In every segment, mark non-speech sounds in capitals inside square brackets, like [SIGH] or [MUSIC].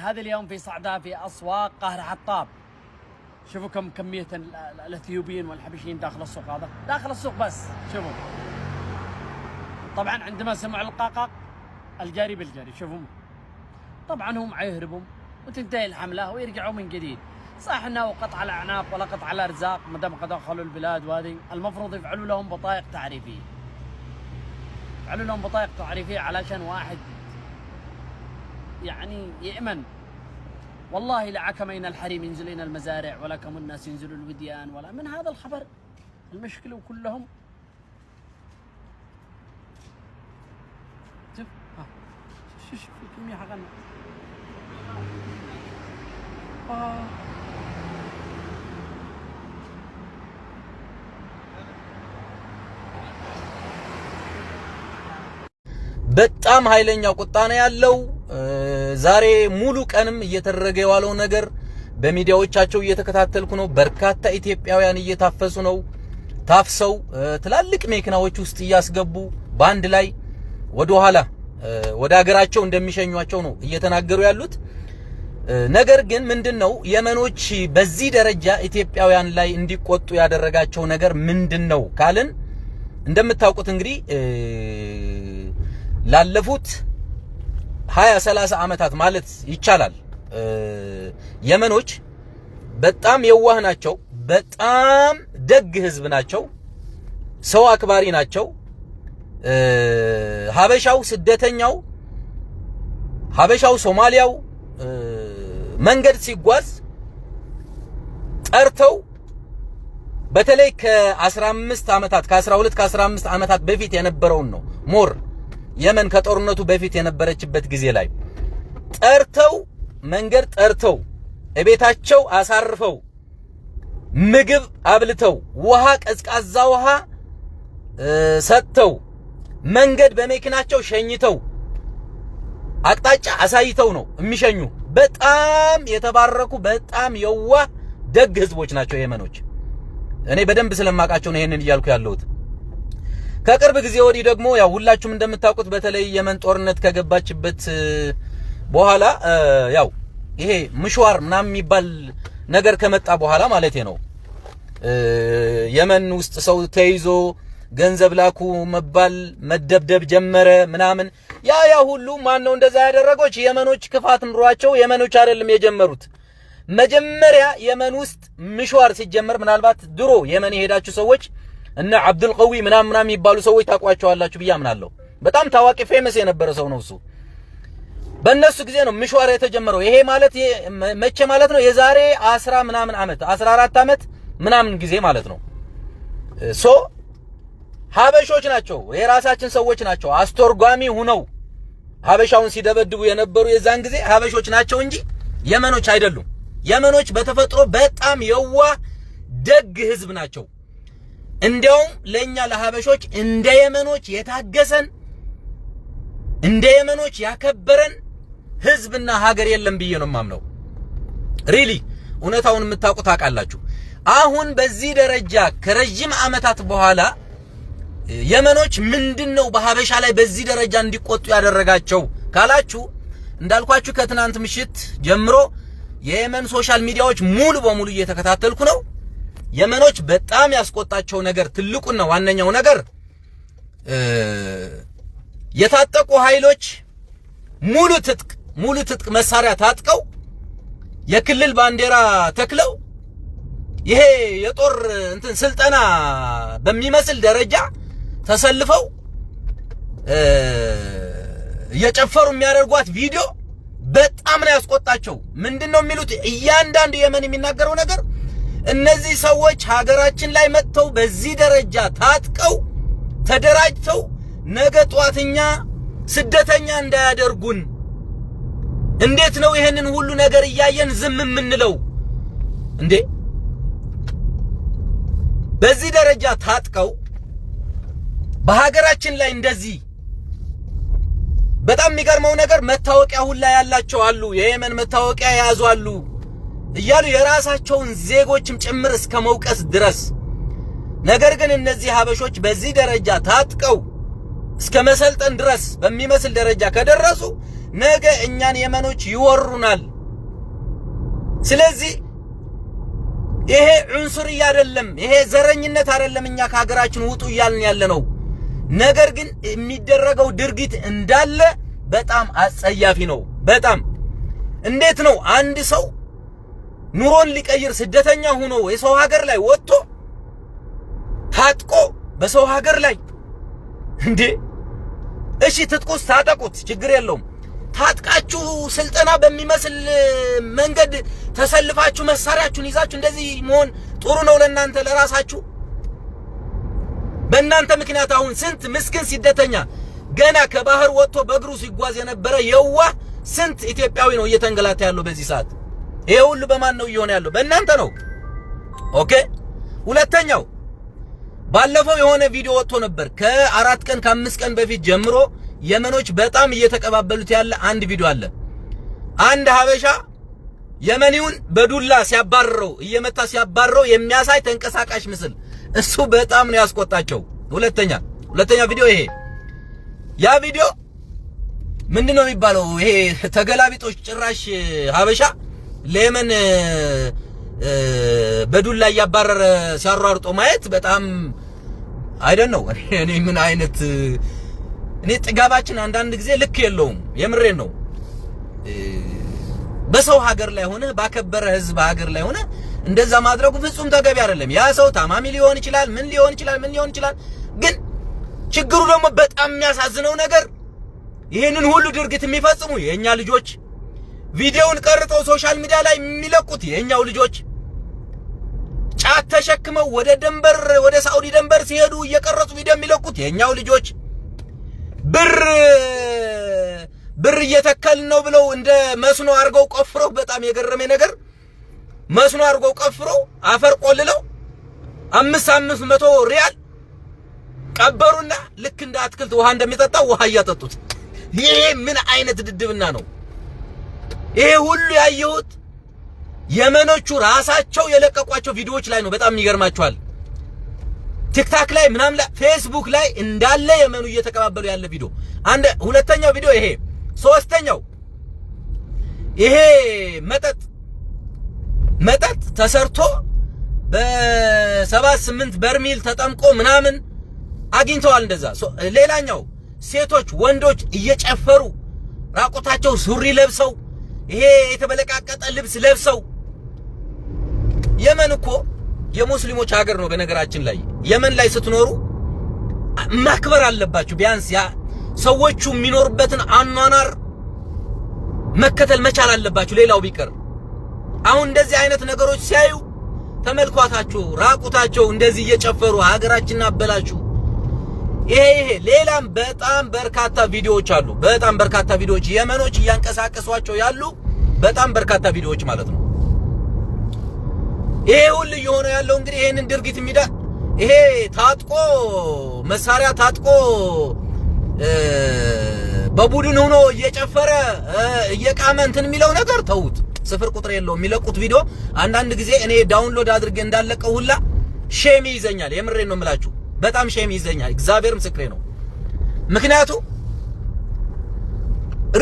هذا اليوم في صعدة في أسواق قهر حطاب شوفوا كم كمية الأثيوبيين والحبشيين داخل السوق هذا داخل السوق بس شوفوا طبعا عندما سمعوا القاقق الجاري بالجاري شوفوا طبعا هم يهربوا وتنتهي الحملة ويرجعوا من جديد صح انه قطع الاعناق ولا قطع الارزاق ما دام قد دخلوا البلاد وهذه المفروض يفعلوا لهم بطائق تعريفيه. يفعلوا لهم بطائق تعريفيه علشان واحد يعني يأمن والله لعكمين الحريم ينزلين المزارع ولكم الناس ينزلوا الوديان ولا من هذا الخبر المشكلة وكلهم شوف ها شوف شوف الكمية حقنا آه. በጣም ኃይለኛ ቁጣ ነው ያለው። ዛሬ ሙሉ ቀንም እየተደረገ የዋለው ነገር በሚዲያዎቻቸው እየተከታተልኩ ነው። በርካታ ኢትዮጵያውያን እየታፈሱ ነው። ታፍሰው ትላልቅ መኪናዎች ውስጥ እያስገቡ በአንድ ላይ ወደ ኋላ ወደ ሀገራቸው እንደሚሸኟቸው ነው እየተናገሩ ያሉት። ነገር ግን ምንድነው የመኖች በዚህ ደረጃ ኢትዮጵያውያን ላይ እንዲቆጡ ያደረጋቸው ነገር ምንድነው ካልን እንደምታውቁት እንግዲህ ላለፉት ሀያ ሰላሳ ዓመታት ማለት ይቻላል የመኖች በጣም የዋህ ናቸው። በጣም ደግ ህዝብ ናቸው። ሰው አክባሪ ናቸው። ሀበሻው፣ ስደተኛው፣ ሀበሻው፣ ሶማሊያው መንገድ ሲጓዝ ጠርተው በተለይ ከ15 ዓመታት ከ12 ከ15 ዓመታት በፊት የነበረውን ነው ሞር የመን ከጦርነቱ በፊት የነበረችበት ጊዜ ላይ ጠርተው መንገድ ጠርተው እቤታቸው አሳርፈው ምግብ አብልተው ውሃ ቀዝቃዛ ውሃ ሰጥተው መንገድ በመኪናቸው ሸኝተው አቅጣጫ አሳይተው ነው የሚሸኙ። በጣም የተባረኩ በጣም የዋህ ደግ ህዝቦች ናቸው የመኖች። እኔ በደንብ ስለማውቃቸው ነው ይሄንን እያልኩ ያለሁት። ከቅርብ ጊዜ ወዲህ ደግሞ ያው ሁላችሁም እንደምታውቁት በተለይ የመን ጦርነት ከገባችበት በኋላ ያው ይሄ ምሽዋር ምናምን የሚባል ነገር ከመጣ በኋላ ማለት ነው የመን ውስጥ ሰው ተይዞ ገንዘብ ላኩ መባል መደብደብ ጀመረ ምናምን። ያ ያ ሁሉ ማን ነው እንደዛ ያደረጎች? የመኖች ክፋት ምሯቸው የመኖች አይደለም የጀመሩት። መጀመሪያ የመን ውስጥ ምሽዋር ሲጀመር ምናልባት ድሮ የመን የሄዳችሁ ሰዎች እነ አብዱልቀዊ ምናምን ምናምን የሚባሉ ሰዎች ታውቋቸዋላችሁ ብዬ አምናለሁ። በጣም ታዋቂ ፌመስ የነበረ ሰው ነው እሱ። በእነሱ ጊዜ ነው ምሽዋር የተጀመረው። ይሄ ማለት መቼ ማለት ነው? የዛሬ አስራ ምናምን ዓመት 14 ዓመት ምናምን ጊዜ ማለት ነው። ሶ ሀበሾች ናቸው፣ የራሳችን ሰዎች ናቸው። አስተርጓሚ ሁነው ሀበሻውን ሲደበድቡ የነበሩ የዛን ጊዜ ሀበሾች ናቸው እንጂ የመኖች አይደሉም። የመኖች በተፈጥሮ በጣም የዋህ ደግ ህዝብ ናቸው። እንዲያውም ለእኛ ለሀበሾች እንደ የመኖች የታገሰን እንደ የመኖች ያከበረን ህዝብና ሀገር የለም ብዬ ነው የማምነው። ሪሊ እውነታውን የምታውቁ ታውቃላችሁ። አሁን በዚህ ደረጃ ከረጅም ዓመታት በኋላ የመኖች ምንድን ነው በሀበሻ ላይ በዚህ ደረጃ እንዲቆጡ ያደረጋቸው ካላችሁ እንዳልኳችሁ ከትናንት ምሽት ጀምሮ የየመን ሶሻል ሚዲያዎች ሙሉ በሙሉ እየተከታተልኩ ነው። የመኖች በጣም ያስቆጣቸው ነገር ትልቁና ዋነኛው ነገር የታጠቁ ኃይሎች ሙሉ ትጥቅ ሙሉ ትጥቅ መሳሪያ ታጥቀው የክልል ባንዲራ ተክለው ይሄ የጦር እንትን ስልጠና በሚመስል ደረጃ ተሰልፈው እየጨፈሩ የሚያደርጓት ቪዲዮ በጣም ነው ያስቆጣቸው። ምንድን ነው የሚሉት? እያንዳንዱ የመን የሚናገረው ነገር እነዚህ ሰዎች ሀገራችን ላይ መጥተው በዚህ ደረጃ ታጥቀው ተደራጅተው ነገ ጧትኛ ስደተኛ እንዳያደርጉን እንዴት ነው ይህንን ሁሉ ነገር እያየን ዝም የምንለው እንዴ? በዚህ ደረጃ ታጥቀው በሀገራችን ላይ እንደዚህ በጣም የሚገርመው ነገር መታወቂያ ሁላ ያላቸው አሉ። የየመን መታወቂያ የያዙ አሉ። እያሉ የራሳቸውን ዜጎችም ጭምር እስከ መውቀስ ድረስ። ነገር ግን እነዚህ ሀበሾች በዚህ ደረጃ ታጥቀው እስከ መሰልጠን ድረስ በሚመስል ደረጃ ከደረሱ ነገ እኛን የመኖች ይወሩናል። ስለዚህ ይሄ ዑንሱርያ አይደለም፣ ይሄ ዘረኝነት አይደለም። እኛ ከሀገራችን ውጡ እያልን ያለ ነው። ነገር ግን የሚደረገው ድርጊት እንዳለ በጣም አጸያፊ ነው። በጣም እንዴት ነው አንድ ሰው ኑሮን ሊቀይር ስደተኛ ሆኖ የሰው ሀገር ላይ ወጥቶ ታጥቆ በሰው ሀገር ላይ እንዴ! እሺ ትጥቁስ ታጠቁት፣ ችግር የለውም። ታጥቃችሁ ስልጠና በሚመስል መንገድ ተሰልፋችሁ መሳሪያችሁን ይዛችሁ እንደዚህ መሆን ጥሩ ነው ለእናንተ ለራሳችሁ። በእናንተ ምክንያት አሁን ስንት ምስኪን ስደተኛ ገና ከባህር ወጥቶ በእግሩ ሲጓዝ የነበረ የዋህ ስንት ኢትዮጵያዊ ነው እየተንገላታ ያለው በዚህ ሰዓት። ይሄ ሁሉ በማን ነው እየሆነ ያለው? በእናንተ ነው። ኦኬ። ሁለተኛው ባለፈው የሆነ ቪዲዮ ወጥቶ ነበር ከአራት ቀን ከአምስት ቀን በፊት ጀምሮ የመኖች በጣም እየተቀባበሉት ያለ አንድ ቪዲዮ አለ። አንድ ሀበሻ የመኒውን በዱላ ሲያባርረው እየመታ ሲያባርረው የሚያሳይ ተንቀሳቃሽ ምስል እሱ በጣም ነው ያስቆጣቸው። ሁለተኛ ሁለተኛ ቪዲዮ ይሄ ያ ቪዲዮ ምንድነው የሚባለው? ይሄ ተገላቢጦች ጭራሽ ሀበሻ ለየመን በዱላ እያባረረ ሲያሯርጦ ማየት በጣም አይደን ነው። [LAUGHS] እኔ ምን አይነት እኔ ጥጋባችን አንዳንድ ጊዜ ልክ የለውም። የምሬን ነው። በሰው ሀገር ላይ ሆነ ባከበረ ህዝብ ሀገር ላይ ሆነ እንደዛ ማድረጉ ፍጹም ተገቢ አይደለም። ያ ሰው ታማሚ ሊሆን ይችላል፣ ምን ሊሆን ይችላል፣ ምን ሊሆን ይችላል። ግን ችግሩ ደግሞ በጣም የሚያሳዝነው ነገር ይህንን ሁሉ ድርጊት የሚፈጽሙ የእኛ ልጆች ቪዲዮውን ቀርጠው ሶሻል ሚዲያ ላይ የሚለቁት የኛው ልጆች ጫት ተሸክመው ወደ ደንበር ወደ ሳውዲ ደንበር ሲሄዱ እየቀረጹ ቪዲዮ የሚለቁት የኛው ልጆች ብር ብር እየተከልን ነው ብለው እንደ መስኖ አድርገው ቆፍረው፣ በጣም የገረመኝ ነገር መስኖ አድርገው ቆፍረው አፈር ቆልለው አምስት አምስት መቶ ሪያል ቀበሩና ልክ እንደ አትክልት ውሃ እንደሚጠጣው ውሃ እያጠጡት። ይሄ ምን አይነት ድድብና ነው? ይሄ ሁሉ ያየሁት የመኖቹ ራሳቸው የለቀቋቸው ቪዲዮዎች ላይ ነው። በጣም ይገርማቸዋል። ቲክታክ ላይ ምናምን ላይ ፌስቡክ ላይ እንዳለ የመኑ እየተቀባበሉ ያለ ቪዲዮ አንድ ሁለተኛው ቪዲዮ ይሄ ሶስተኛው ይሄ መጠጥ መጠጥ ተሰርቶ በሰባት ስምንት በርሚል ተጠምቆ ምናምን አግኝተዋል። እንደዛ ሌላኛው ሴቶች ወንዶች እየጨፈሩ ራቆታቸው ሱሪ ለብሰው ይሄ የተበለቃቀጠ ልብስ ለብሰው የመን እኮ የሙስሊሞች ሀገር ነው። በነገራችን ላይ የመን ላይ ስትኖሩ ማክበር አለባችሁ። ቢያንስ ያ ሰዎቹ የሚኖርበትን አኗኗር መከተል መቻል አለባችሁ። ሌላው ቢቀር አሁን እንደዚህ አይነት ነገሮች ሲያዩ ተመልኳታችሁ፣ ራቁታቸው እንደዚህ እየጨፈሩ ሀገራችንን አበላችሁ ይሄ ሌላም በጣም በርካታ ቪዲዮዎች አሉ። በጣም በርካታ ቪዲዮዎች የመኖች እያንቀሳቀሷቸው ያሉ በጣም በርካታ ቪዲዮዎች ማለት ነው። ይሄ ሁሉ እየሆነ ያለው እንግዲህ ይሄንን ድርጊት የሚዳ ይሄ ታጥቆ መሳሪያ ታጥቆ በቡድን ሆኖ እየጨፈረ እየቃመ እንትን የሚለው ነገር ተውት። ስፍር ቁጥር የለው የሚለቁት ቪዲዮ። አንዳንድ ጊዜ እኔ ዳውንሎድ አድርጌ እንዳለቀው ሁላ ሼም ይዘኛል። የምሬን ነው የምላችሁ በጣም ሼም ይዘኛል። እግዚአብሔር ምስክሬ ነው። ምክንያቱ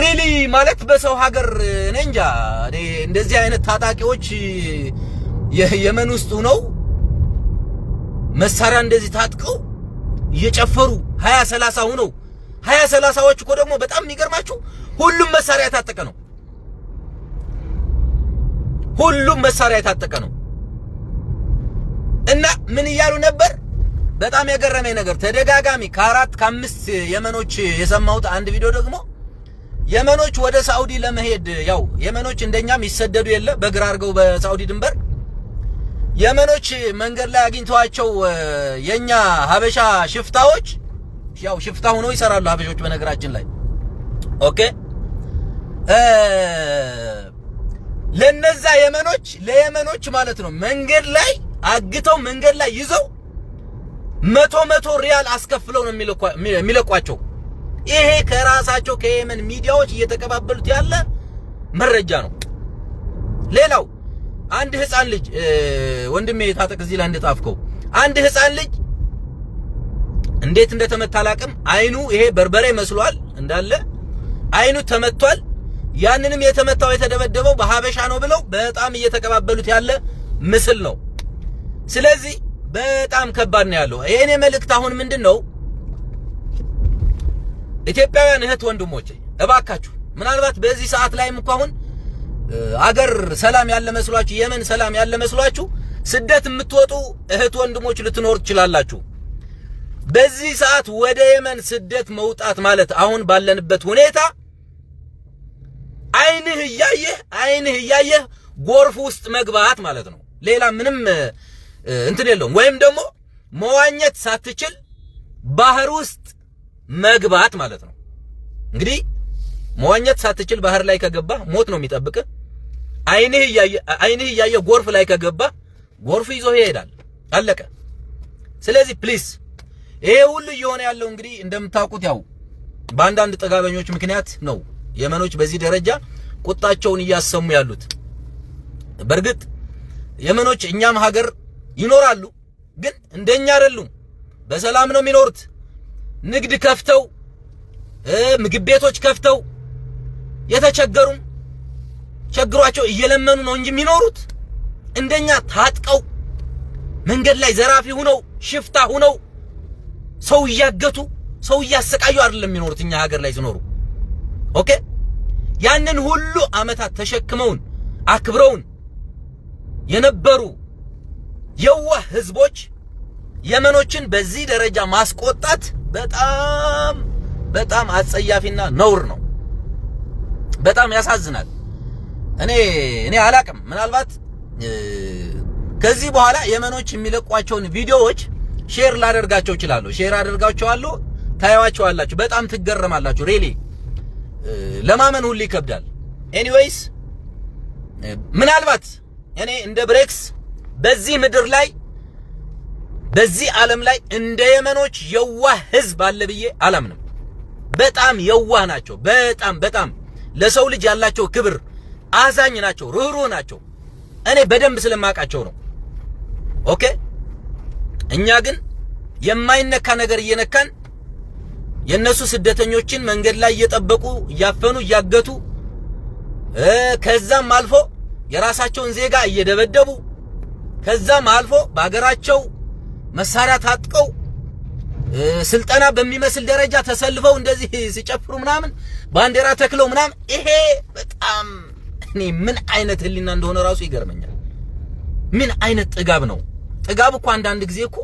ሪሊ ማለት በሰው ሀገር እኔ እንጃ እንደዚህ አይነት ታጣቂዎች የመን ውስጥ ሆነው መሳሪያ እንደዚህ ታጥቀው እየጨፈሩ ሀያ ሰላሳ ሁነው ሀያ ሰላሳዎች እኮ ደግሞ በጣም የሚገርማችሁ ሁሉም መሳሪያ የታጠቀ ነው። ሁሉም መሳሪያ የታጠቀ ነው። እና ምን እያሉ ነበር? በጣም የገረመኝ ነገር ተደጋጋሚ ከአራት ከአምስት የመኖች የሰማሁት አንድ ቪዲዮ ደግሞ የመኖች ወደ ሳውዲ ለመሄድ ያው የመኖች እንደኛም ይሰደዱ የለ በግራ አድርገው በሳውዲ ድንበር የመኖች መንገድ ላይ አግኝተዋቸው የኛ ሀበሻ ሽፍታዎች ያው ሽፍታ ሆኖ ይሰራሉ ሀበሾች በነገራችን ላይ ኦኬ ለነዛ የመኖች ለየመኖች ማለት ነው መንገድ ላይ አግተው መንገድ ላይ ይዘው መቶ መቶ ሪያል አስከፍለው ነው የሚለቋቸው። ይሄ ከራሳቸው ከየመን ሚዲያዎች እየተቀባበሉት ያለ መረጃ ነው። ሌላው አንድ ህፃን ልጅ ወንድሜ የታጠቅ እዚህ ላይ እንደጣፍከው አንድ ህፃን ልጅ እንዴት እንደተመታ አላቅም። አይኑ ይሄ በርበሬ መስሏል እንዳለ አይኑ ተመቷል። ያንንም የተመታው የተደበደበው በሀበሻ ነው ብለው በጣም እየተቀባበሉት ያለ ምስል ነው። ስለዚህ በጣም ከባድ ነው ያለው። የእኔ መልእክት አሁን ምንድን ነው? ኢትዮጵያውያን እህት ወንድሞቼ እባካችሁ ምናልባት በዚህ ሰዓት ላይም እኮ አሁን አገር ሰላም ያለ መስሏችሁ፣ የመን ሰላም ያለ መስሏችሁ ስደት የምትወጡ እህት ወንድሞች ልትኖር ትችላላችሁ። በዚህ ሰዓት ወደ የመን ስደት መውጣት ማለት አሁን ባለንበት ሁኔታ አይንህ እያየህ አይንህ እያየህ ጎርፍ ውስጥ መግባት ማለት ነው። ሌላ ምንም እንትን የለውም። ወይም ደግሞ መዋኘት ሳትችል ባህር ውስጥ መግባት ማለት ነው። እንግዲህ መዋኘት ሳትችል ባህር ላይ ከገባ ሞት ነው የሚጠብቅ። አይንህ እያየ አይንህ እያየ ጎርፍ ላይ ከገባ ጎርፍ ይዞ ይሄዳል። አለቀ። ስለዚህ ፕሊስ ይሄ ሁሉ እየሆነ ያለው እንግዲህ እንደምታውቁት ያው በአንዳንድ ጥጋበኞች ምክንያት ነው የመኖች በዚህ ደረጃ ቁጣቸውን እያሰሙ ያሉት። በእርግጥ የመኖች እኛም ሀገር ይኖራሉ፣ ግን እንደኛ አይደሉም። በሰላም ነው የሚኖሩት። ንግድ ከፍተው ምግብ ቤቶች ከፍተው የተቸገሩም ቸግሯቸው እየለመኑ ነው እንጂ የሚኖሩት እንደኛ ታጥቀው መንገድ ላይ ዘራፊ ሁነው ሽፍታ ሁነው ሰው እያገቱ ሰው እያሰቃዩ አይደለም የሚኖሩት እኛ ሀገር ላይ ሲኖሩ። ኦኬ ያንን ሁሉ አመታት ተሸክመውን አክብረውን የነበሩ የዋህ ህዝቦች የመኖችን በዚህ ደረጃ ማስቆጣት በጣም በጣም አጸያፊና ነውር ነው። በጣም ያሳዝናል። እኔ እኔ አላቅም ምናልባት ከዚህ በኋላ የመኖች የሚለቋቸውን ቪዲዮዎች ሼር ላደርጋቸው እችላለሁ። ሼር አደርጋቸዋለሁ፣ አላችሁ በጣም ትገረማላችሁ። ሬሊ ለማመን ሁሉ ይከብዳል። ኤኒዌይስ ምናልባት እኔ እንደ ብሬክስ በዚህ ምድር ላይ በዚህ ዓለም ላይ እንደ የመኖች የዋህ ህዝብ አለ ብዬ አላምንም። በጣም የዋህ ናቸው። በጣም በጣም ለሰው ልጅ ያላቸው ክብር አዛኝ ናቸው፣ ርህሩህ ናቸው። እኔ በደንብ ስለማውቃቸው ነው። ኦኬ። እኛ ግን የማይነካ ነገር እየነካን የነሱ ስደተኞችን መንገድ ላይ እየጠበቁ እያፈኑ እያገቱ ከዛም አልፎ የራሳቸውን ዜጋ እየደበደቡ ከዛም አልፎ በሀገራቸው መሳሪያ ታጥቀው ስልጠና በሚመስል ደረጃ ተሰልፈው እንደዚህ ሲጨፍሩ ምናምን ባንዲራ ተክለው ምናምን ይሄ በጣም እኔ ምን አይነት ህሊና እንደሆነ ራሱ ይገርመኛል። ምን አይነት ጥጋብ ነው? ጥጋብ እኮ አንዳንድ ጊዜ እኮ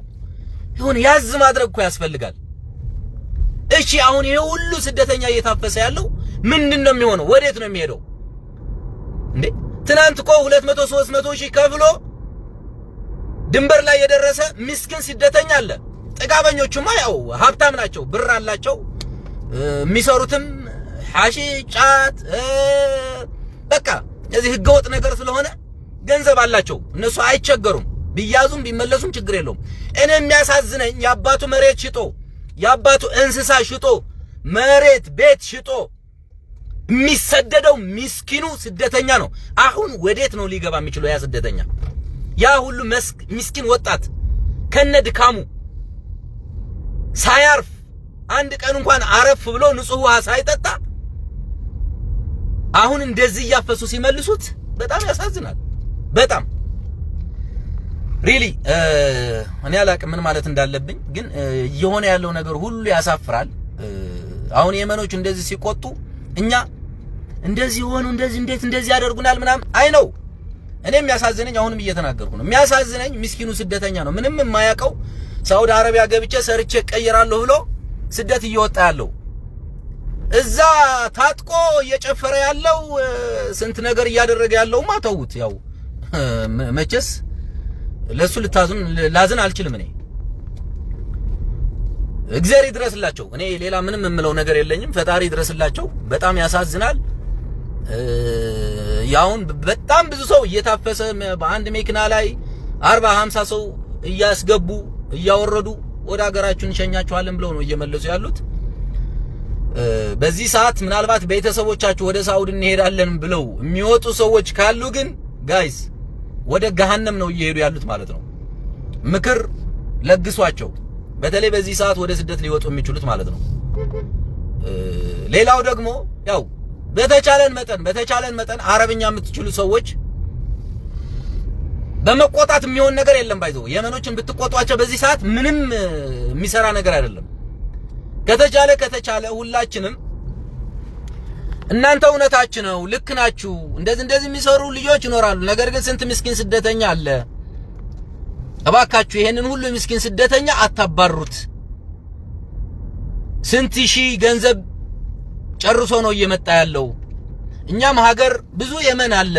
ይሁን ያዝ ማድረግ እኮ ያስፈልጋል። እሺ አሁን ይሄ ሁሉ ስደተኛ እየታፈሰ ያለው ምንድን ነው የሚሆነው? ወዴት ነው የሚሄደው እንዴ? ትናንት እኮ ሶስት መቶ ሺህ ከፍሎ ድንበር ላይ የደረሰ ምስኪን ስደተኛ አለ። ጥጋበኞቹማ ያው ሀብታም ናቸው፣ ብር አላቸው። የሚሰሩትም ሐሺ፣ ጫት፣ በቃ እዚህ ህገወጥ ነገር ስለሆነ ገንዘብ አላቸው። እነሱ አይቸገሩም። ቢያዙም ቢመለሱም ችግር የለውም። እኔ የሚያሳዝነኝ የአባቱ መሬት ሽጦ የአባቱ እንስሳ ሽጦ መሬት ቤት ሽጦ የሚሰደደው ምስኪኑ ስደተኛ ነው። አሁን ወዴት ነው ሊገባ የሚችለው ያ ስደተኛ? ያ ሁሉ ምስኪን ወጣት ከነ ድካሙ ሳያርፍ አንድ ቀን እንኳን አረፍ ብሎ ንጹህ ውሃ ሳይጠጣ አሁን እንደዚህ እያፈሱ ሲመልሱት በጣም ያሳዝናል። በጣም ሪሊ እኔ አላቅም ምን ማለት እንዳለብኝ፣ ግን እየሆነ ያለው ነገር ሁሉ ያሳፍራል። አሁን የመኖች እንደዚህ ሲቆጡ እኛ እንደዚህ ሆኑ እንደዚህ እንዴት እንደዚህ ያደርጉናል ምናምን አይ ነው እኔ የሚያሳዝነኝ አሁንም እየተናገርኩ ነው። የሚያሳዝነኝ ምስኪኑ ስደተኛ ነው። ምንም የማያውቀው ሳውዲ አረቢያ ገብቼ ሰርቼ እቀይራለሁ ብሎ ስደት እየወጣ ያለው እዛ ታጥቆ እየጨፈረ ያለው ስንት ነገር እያደረገ ያለው ማተውት። ያው መቼስ ለሱ ልታዝን ላዝን አልችልም። እኔ እግዚአብሔር ይድረስላቸው። እኔ ሌላ ምንም የምለው ነገር የለኝም። ፈጣሪ ይድረስላቸው። በጣም ያሳዝናል። ያሁን በጣም ብዙ ሰው እየታፈሰ በአንድ መኪና ላይ አርባ ሃምሳ ሰው እያስገቡ እያወረዱ ወደ ሀገራችን እንሸኛችኋለን ብለው ነው እየመለሱ ያሉት። በዚህ ሰዓት ምናልባት ቤተሰቦቻችሁ ወደ ሳውዲ እንሄዳለን ብለው የሚወጡ ሰዎች ካሉ ግን ጋይስ ወደ ገሃነም ነው እየሄዱ ያሉት ማለት ነው። ምክር ለግሷቸው፣ በተለይ በዚህ ሰዓት ወደ ስደት ሊወጡ የሚችሉት ማለት ነው። ሌላው ደግሞ ያው በተቻለን መጠን በተቻለን መጠን አረብኛ የምትችሉ ሰዎች በመቆጣት የሚሆን ነገር የለም። ባይዘው የመኖችን ብትቆጧቸው በዚህ ሰዓት ምንም የሚሰራ ነገር አይደለም። ከተቻለ ከተቻለ ሁላችንም እናንተ እውነታችሁ ነው፣ ልክ ናችሁ፣ እንደዚህ እንደዚህ የሚሰሩ ልጆች ይኖራሉ። ነገር ግን ስንት ምስኪን ስደተኛ አለ። እባካችሁ ይሄንን ሁሉ ምስኪን ስደተኛ አታባሩት። ስንት ሺህ ገንዘብ ጨርሶ ነው እየመጣ ያለው። እኛም ሀገር ብዙ የመን አለ።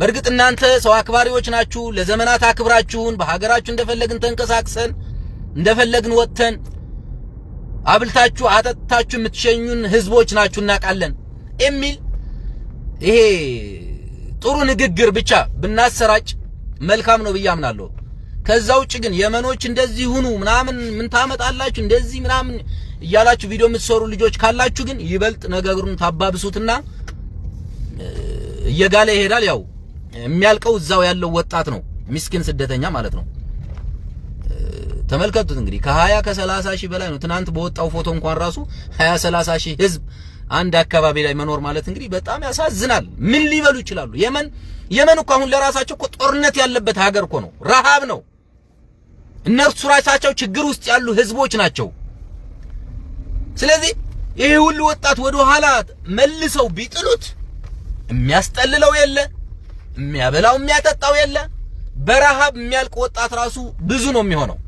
በእርግጥ እናንተ ሰው አክባሪዎች ናችሁ። ለዘመናት አክብራችሁን በሀገራችሁ እንደፈለግን ተንቀሳቅሰን እንደፈለግን ወጥተን አብልታችሁ አጠጥታችሁ የምትሸኙን ህዝቦች ናችሁ እናውቃለን የሚል ይሄ ጥሩ ንግግር ብቻ ብናሰራጭ መልካም ነው ብዬ አምናለሁ። ከዛ ውጭ ግን የመኖች እንደዚህ ሁኑ ምናምን ምን ታመጣላችሁ እንደዚህ ምናምን እያላችሁ ቪዲዮ የምትሰሩ ልጆች ካላችሁ ግን ይበልጥ ነገሩን ታባብሱትና እየጋለ ይሄዳል። ያው የሚያልቀው እዛው ያለው ወጣት ነው፣ ሚስኪን ስደተኛ ማለት ነው። ተመልከቱት እንግዲህ ከ20 ከ30 ሺህ በላይ ነው። ትናንት በወጣው ፎቶ እንኳን ራሱ 20 30 ሺህ ህዝብ አንድ አካባቢ ላይ መኖር ማለት እንግዲህ በጣም ያሳዝናል። ምን ሊበሉ ይችላሉ? የመን የመን እኮ አሁን ለራሳቸው እኮ ጦርነት ያለበት ሀገር እኮ ነው፣ ረሃብ ነው። እነርሱ ራሳቸው ችግር ውስጥ ያሉ ህዝቦች ናቸው። ስለዚህ ይሄ ሁሉ ወጣት ወደ ኋላ መልሰው ቢጥሉት የሚያስጠልለው የለ፣ የሚያበላው የሚያጠጣው የለ። በረሃብ የሚያልቅ ወጣት ራሱ ብዙ ነው የሚሆነው።